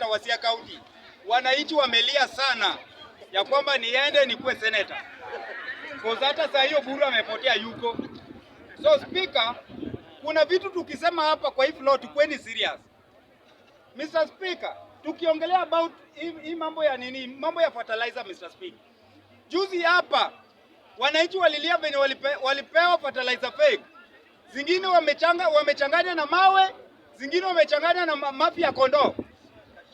seneta wa Siaya County. Wananchi wamelia sana ya kwamba niende nikuwe seneta, hata saa hiyo Buru amepotea yuko. So speaker, kuna vitu tukisema hapa kwa hii floor tukweni serious. Mr. Speaker, tukiongelea about hii mambo ya nini, mambo ya fertilizer Mr. Speaker. Juzi hapa wananchi walilia venye walipe, walipewa fertilizer fake. Zingine wamechanga wamechanganya na mawe, zingine wamechanganya na mafia ya kondoo.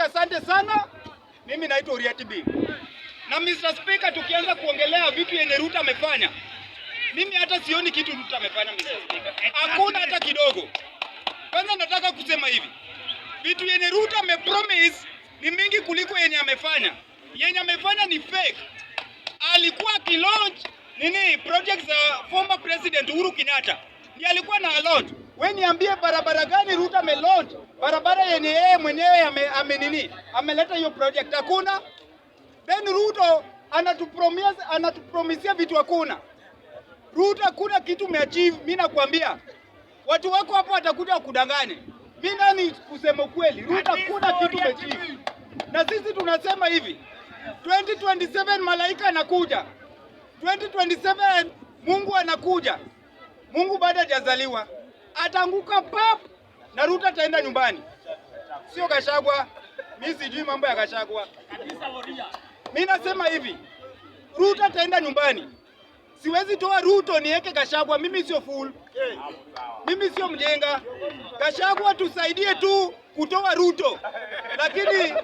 Speaker, asante sana. Mimi naitwa Uriati B. Na Mr. Speaker, tukianza kuongelea vitu yenye Ruto amefanya, mimi hata sioni kitu Ruto amefanya Mr. Speaker. Hakuna hata kidogo. Kwanza nataka kusema hivi. Vitu yenye Ruto amepromise ni mingi kuliko yenye amefanya. Yenye amefanya ni fake. Alikuwa akilaunch nini project za former president Uhuru Kenyatta. Ndiye alikuwa na lot. Wewe niambie barabara gani Ruto amelaunch barabara yenye yeye mwenyewe amenini ameleta hiyo project hakuna. Then Ruto anatupromisia anatupromisia vitu hakuna. Ruto hakuna kitu umeachieve. Mimi nakwambia watu wako hapo watakuja kudangane. Mimi nani kusema kweli, Ruto hakuna kitu umeachieve, na sisi tunasema hivi 2027 malaika anakuja, 2027 Mungu anakuja. Mungu bado hajazaliwa, ataanguka pap na Ruto ataenda nyumbani, sio Gachagua. Mi sijui mambo ya Gachagua. Mi nasema hivi, Ruto ataenda nyumbani. Siwezi toa Ruto niweke Gachagua. Mimi sio fool, mimi sio mjenga. Gachagua tusaidie tu kutoa Ruto, lakini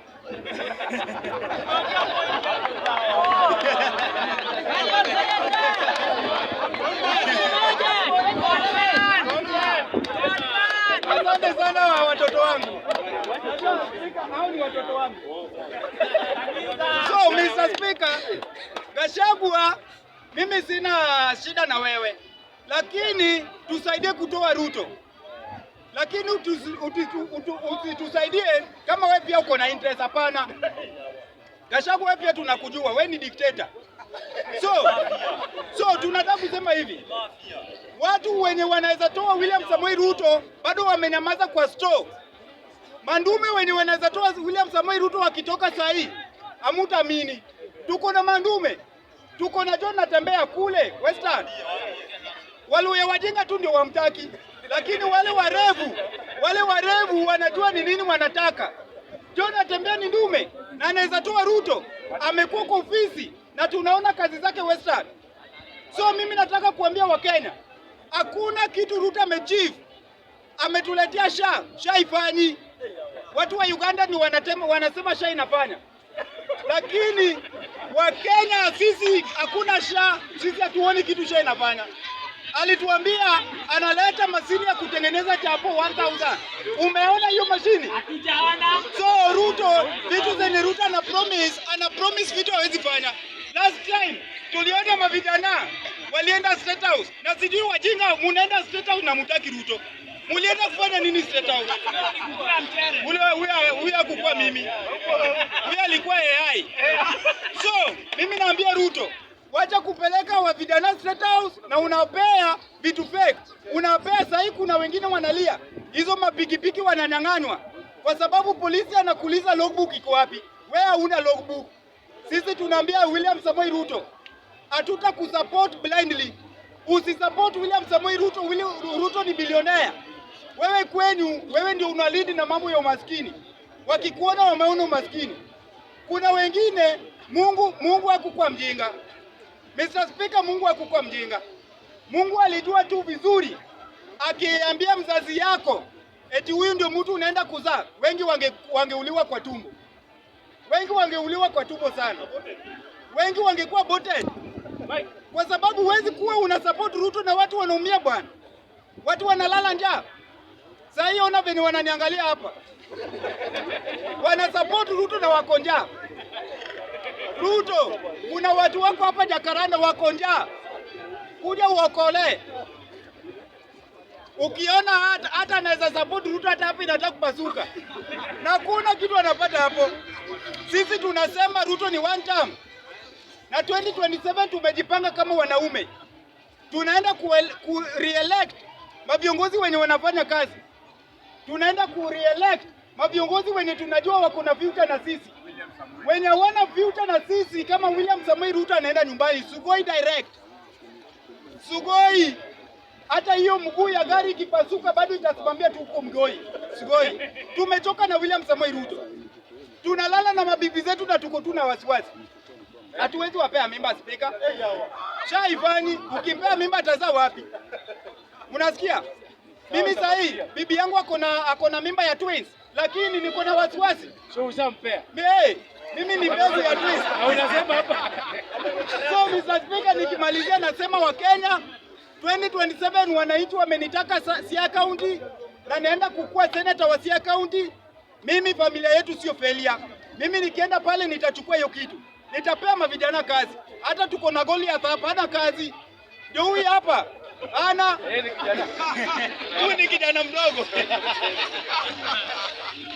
hao ni watoto wangu. So Mr. Speaker, Gachagua, mimi sina shida na wewe, lakini tusaidie kutoa Ruto, lakini usitusaidie kama wewe pia uko na interest. Hapana Gachagua, wewe pia tunakujua, wewe ni dictator. So, so tunataka kusema hivi, watu wenye wanaweza toa William Samoei Ruto bado wamenyamaza kwa store. Mandume wenye wanaweza toa William Samoei Ruto wakitoka saa hii, amutamini. Tuko na mandume, tuko na John natembea kule Western. Waluya wajinga tu ndio wamtaki, lakini wale warevu, wale warevu wanajua ni nini wanataka. John natembea ni ndume na anaweza toa Ruto, amekuwa kwa ofisi na tunaona kazi zake Western. So mimi nataka kuambia Wakenya, hakuna kitu Ruto amechieve ametuletea sha shaifanyi Watu wa Uganda ni wanatema, wanasema sha inafanya, lakini wa kenya sisi hakuna sha, sisi hatuoni kitu sha inafanya. Alituambia analeta mashini ya kutengeneza chapo 1000. Umeona hiyo mashini? Hatujaona. So Ruto vitu zenye Ruto ana promise, ana promise vitu hawezi fanya. Last time tuliona mavijana walienda State House na sijui wajinga munaenda State House na mutaki Ruto. Mulienda kufanya nini State House? Ule huyo akukua mimi, huyo alikuwa AI. So mimi naambia Ruto, wacha kupeleka wa vijana State House na unapea vitu fake, unapea sahi. Kuna wengine wanalia hizo mapikipiki wananyang'anywa kwa sababu polisi anakuuliza logbook iko wapi, wewe hauna logbook. Sisi tunaambia William Samoei Ruto, hatuta kusupport blindly. Usisupport William Samoei Ruto. Ruto ni bilionea. Wewe kwenyu, wewe ndio unalidi na mambo ya umaskini, wakikuona wameona umaskini. Kuna wengine Mungu, Mungu hakukuwa mjinga Mr. Speaker, Mungu hakukuwa mjinga. Mungu alijua tu vizuri, akiambia mzazi yako eti huyu ndio mtu unaenda kuzaa, wengi wange, wangeuliwa kwa tumbo, wengi wangeuliwa kwa tumbo sana, wengi wangekuwa bote, kwa sababu huwezi kuwa una support Ruto na watu wanaumia bwana, watu wanalala njaa. Sasa hiyo ona venye wananiangalia hapa, wanasapoti Ruto na wakonja Ruto, kuna watu wako hapa Jakaranda wakonja, kuja uokole. Ukiona hata hata anaweza sapoti Ruto hata hapa inataka kupasuka na kuna kitu anapata hapo. Sisi tunasema Ruto ni one term, na 2027 tumejipanga kama wanaume, tunaenda ku, ku re maviongozi wenye wanafanya kazi tunaenda kureelect maviongozi wenye tunajua wako na vyuta na sisi, wenye wana vyuta na sisi. Kama William Samoei Ruto anaenda nyumbani Sugoi direct, Sugoi. Hata hiyo mguu ya gari ikipasuka bado itasimamia tu huko Mgoi, Sugoi. Tumechoka na William Samoei Ruto, tunalala na mabibi zetu na tuko tu na wasiwasi. Hatuwezi wapea mimba spika, shaifani. Ukimpea mimba atazaa wapi? Mnasikia? Mimi saa hii bibi yangu akona akona mimba ya twins, lakini niko na wasiwasi. Sio ushampea? Hey, mimi ni mbegu ya twins. Ah, unasema hapa. So Mr. Speaker, nikimalizia nasema wa kenya 2027 wananchi wamenitaka Siaya County na naenda kukua senator wa Siaya County. Mimi familia yetu sio failure. Mimi nikienda pale nitachukua hiyo kitu. Nitapea mavijana kazi. Hata tuko na Goliath hapa hana kazi. Ndio huyu hapa ana huyu ni kijana mdogo